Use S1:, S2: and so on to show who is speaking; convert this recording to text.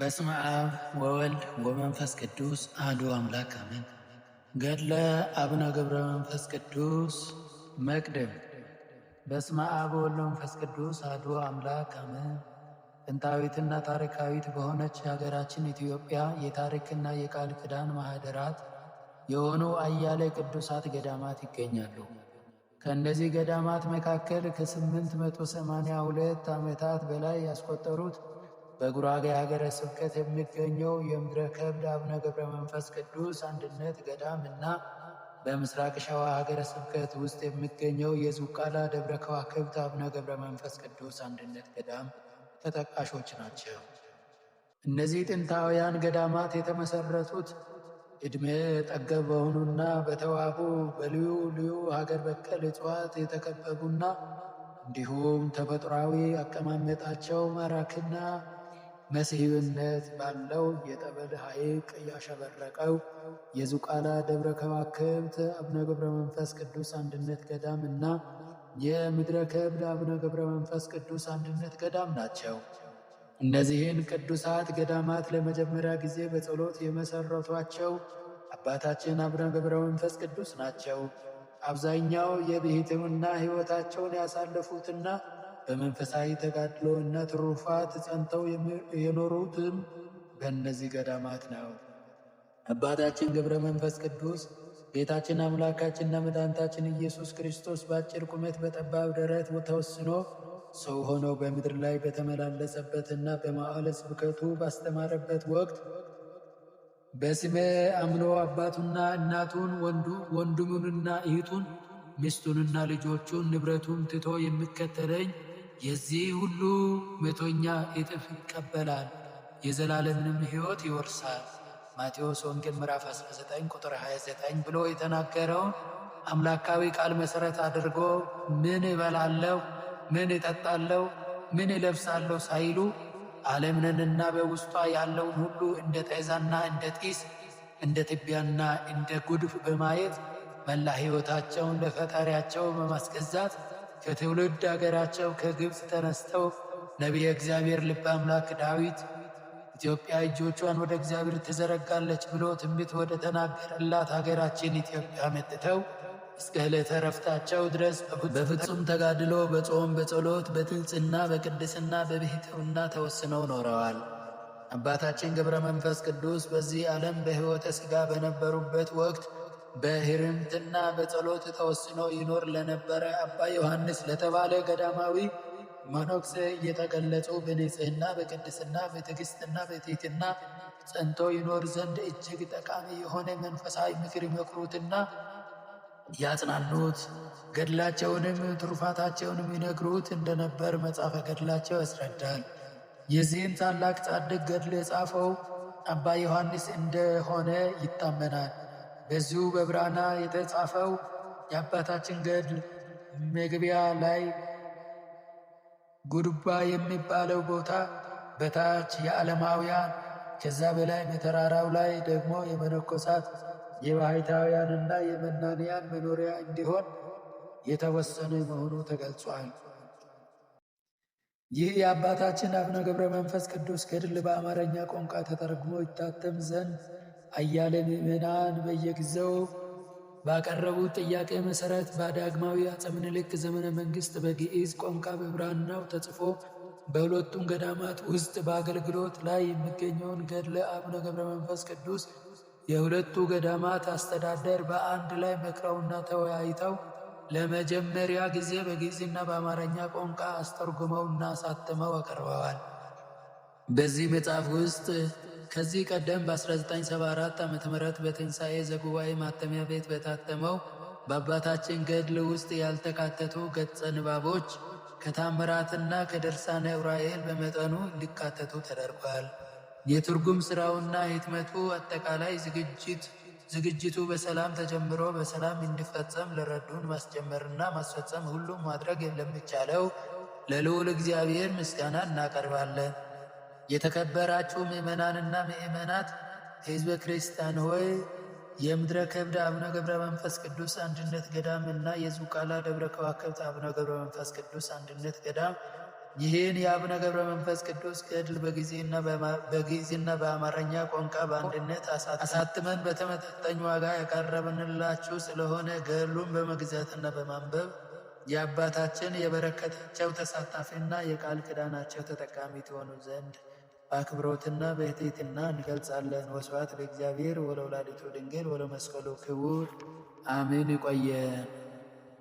S1: በስመ አብ ወወልድ ወመንፈስ ቅዱስ አሐዱ አምላክ አሜን። ገድለ አቡነ ገብረ መንፈስ ቅዱስ መቅደም። በስመ አብ ወወልድ ወመንፈስ ቅዱስ አሐዱ አምላክ አሜን። ጥንታዊትና ታሪካዊት በሆነች የሀገራችን ኢትዮጵያ የታሪክና የቃል ኪዳን ማህደራት የሆኑ አያሌ ቅዱሳት ገዳማት ይገኛሉ። ከእነዚህ ገዳማት መካከል ከ882 ዓመታት በላይ ያስቆጠሩት በጉራጌ ሀገረ ስብከት የሚገኘው የምድረ ከብድ አቡነ ገብረ መንፈስ ቅዱስ አንድነት ገዳም እና በምስራቅ ሸዋ ሀገረ ስብከት ውስጥ የሚገኘው የዝቋላ ደብረ ከዋክብት አቡነ ገብረ መንፈስ ቅዱስ አንድነት ገዳም ተጠቃሾች ናቸው። እነዚህ ጥንታውያን ገዳማት የተመሰረቱት እድሜ ጠገብ በሆኑና በተዋቡ በልዩ ልዩ ሀገር በቀል እጽዋት የተከበቡና እንዲሁም ተፈጥሯዊ አቀማመጣቸው ማራክና መስህብነት ባለው የጠበል ሐይቅ ያሸበረቀው የዙቃላ ደብረ ከዋክብት አቡነ ገብረ መንፈስ ቅዱስ አንድነት ገዳም እና የምድረ ከብድ አቡነ ገብረ መንፈስ ቅዱስ አንድነት ገዳም ናቸው። እነዚህን ቅዱሳት ገዳማት ለመጀመሪያ ጊዜ በጸሎት የመሰረቷቸው አባታችን አቡነ ገብረ መንፈስ ቅዱስ ናቸው። አብዛኛው የብሕትውና ሕይወታቸውን ያሳለፉትና በመንፈሳዊ ተጋድሎ እና ትሩፋት ጸንተው የኖሩትም በእነዚህ ገዳማት ነው። አባታችን ገብረ መንፈስ ቅዱስ ጌታችን አምላካችንና መድኃኒታችን ኢየሱስ ክርስቶስ በአጭር ቁመት በጠባብ ደረት ተወስኖ ሰው ሆኖ በምድር ላይ በተመላለሰበትና በመዋዕለ ስብከቱ ባስተማረበት ወቅት በስሜ አምኖ አባቱና እናቱን ወንድሙንና እህቱን ሚስቱንና ልጆቹን ንብረቱን ትቶ የሚከተለኝ የዚህ ሁሉ መቶኛ እጥፍ ይቀበላል፣ የዘላለምንም ሕይወት ይወርሳል። ማቴዎስ ወንጌል ምዕራፍ 19 ቁጥር 29 ብሎ የተናገረውን አምላካዊ ቃል መሠረት አድርጎ ምን እበላለሁ፣ ምን እጠጣለሁ፣ ምን እለብሳለሁ ሳይሉ ዓለምንንና በውስጧ ያለውን ሁሉ እንደ ጤዛና እንደ ጢስ እንደ ትቢያና እንደ ጉድፍ በማየት መላ ሕይወታቸውን ለፈጣሪያቸው በማስገዛት ከትውልድ አገራቸው ከግብፅ ተነስተው ነቢየ እግዚአብሔር ልበ አምላክ ዳዊት ኢትዮጵያ እጆቿን ወደ እግዚአብሔር ትዘረጋለች ብሎ ትንቢት ወደ ተናገረላት አገራችን ኢትዮጵያ መጥተው እስከ ዕለተ ረፍታቸው ድረስ በፍጹም ተጋድሎ በጾም በጸሎት በትንጽና በቅድስና በብሕትውና ተወስነው ኖረዋል። አባታችን ገብረ መንፈስ ቅዱስ በዚህ ዓለም በሕይወተ ሥጋ በነበሩበት ወቅት በህርምትና በጸሎት ተወስኖ ይኖር ለነበረ አባ ዮሐንስ ለተባለ ገዳማዊ መነኩሴ እየተገለጹ በንጽህና በቅድስና በትግስትና በትሕትና ጸንቶ ይኖር ዘንድ እጅግ ጠቃሚ የሆነ መንፈሳዊ ምክር ይመክሩትና ያጽናኑት፣ ገድላቸውንም ትሩፋታቸውንም ይነግሩት እንደነበር መጽሐፈ ገድላቸው ያስረዳል። የዚህን ታላቅ ጻድቅ ገድል የጻፈው አባ ዮሐንስ እንደሆነ ይታመናል። በዚሁ በብራና የተጻፈው የአባታችን ገድል መግቢያ ላይ ጉድባ የሚባለው ቦታ በታች የዓለማውያን ከዛ በላይ በተራራው ላይ ደግሞ የመነኮሳት የባሕታውያንና የመናንያን መኖሪያ እንዲሆን የተወሰነ መሆኑ ተገልጿል። ይህ የአባታችን አቡነ ገብረ መንፈስ ቅዱስ ገድል በአማርኛ ቋንቋ ተተርጉሞ ይታተም ዘንድ አያለ ምዕመናን በየጊዜው ባቀረቡት ጥያቄ መሠረት በዳግማዊ አፄ ምኒልክ ዘመነ መንግስት በግዕዝ ቋንቋ በብራናው ተጽፎ በሁለቱም ገዳማት ውስጥ በአገልግሎት ላይ የሚገኘውን ገድለ አቡነ ገብረ መንፈስ ቅዱስ የሁለቱ ገዳማት አስተዳደር በአንድ ላይ መክረውና ተወያይተው ለመጀመሪያ ጊዜ በግዕዝና በአማርኛ ቋንቋ አስተርጉመውና አሳትመው አቀርበዋል። በዚህ መጽሐፍ ውስጥ ከዚህ ቀደም በ1974 ዓ ም በትንሣኤ ዘጉባኤ ማተሚያ ቤት በታተመው በአባታችን ገድል ውስጥ ያልተካተቱ ገጸ ንባቦች ከታምራትና ከደርሳነ ዕብራኤል በመጠኑ እንዲካተቱ ተደርጓል። የትርጉም ሥራውና ህትመቱ አጠቃላይ ዝግጅቱ በሰላም ተጀምሮ በሰላም እንዲፈጸም ለረዱን ማስጀመርና ማስፈጸም ሁሉም ማድረግ ለሚቻለው ለልዑል እግዚአብሔር ምስጋና እናቀርባለን። የተከበራችሁ ምእመናንና ምእመናት ሕዝበ ክርስቲያን ሆይ የምድረ ከብድ አቡነ ገብረ መንፈስ ቅዱስ አንድነት ገዳም እና የዙቃላ ደብረ ከዋክብት አቡነ ገብረ መንፈስ ቅዱስ አንድነት ገዳም ይህን የአቡነ ገብረ መንፈስ ቅዱስ ገድል በግዕዝና በአማርኛ ቋንቋ በአንድነት አሳትመን በተመጣጣኝ ዋጋ ያቀረብንላችሁ ስለሆነ ገድሉን በመግዛትና በማንበብ የአባታችን የበረከታቸው ተሳታፊና የቃል ኪዳናቸው ተጠቃሚ ትሆኑ ዘንድ በአክብሮትና በትሕትና እንገልጻለን። ወስብሐት ለእግዚአብሔር ወለወላዲቱ ድንግል ወለመስቀሉ ክቡር አሜን። ይቆየን።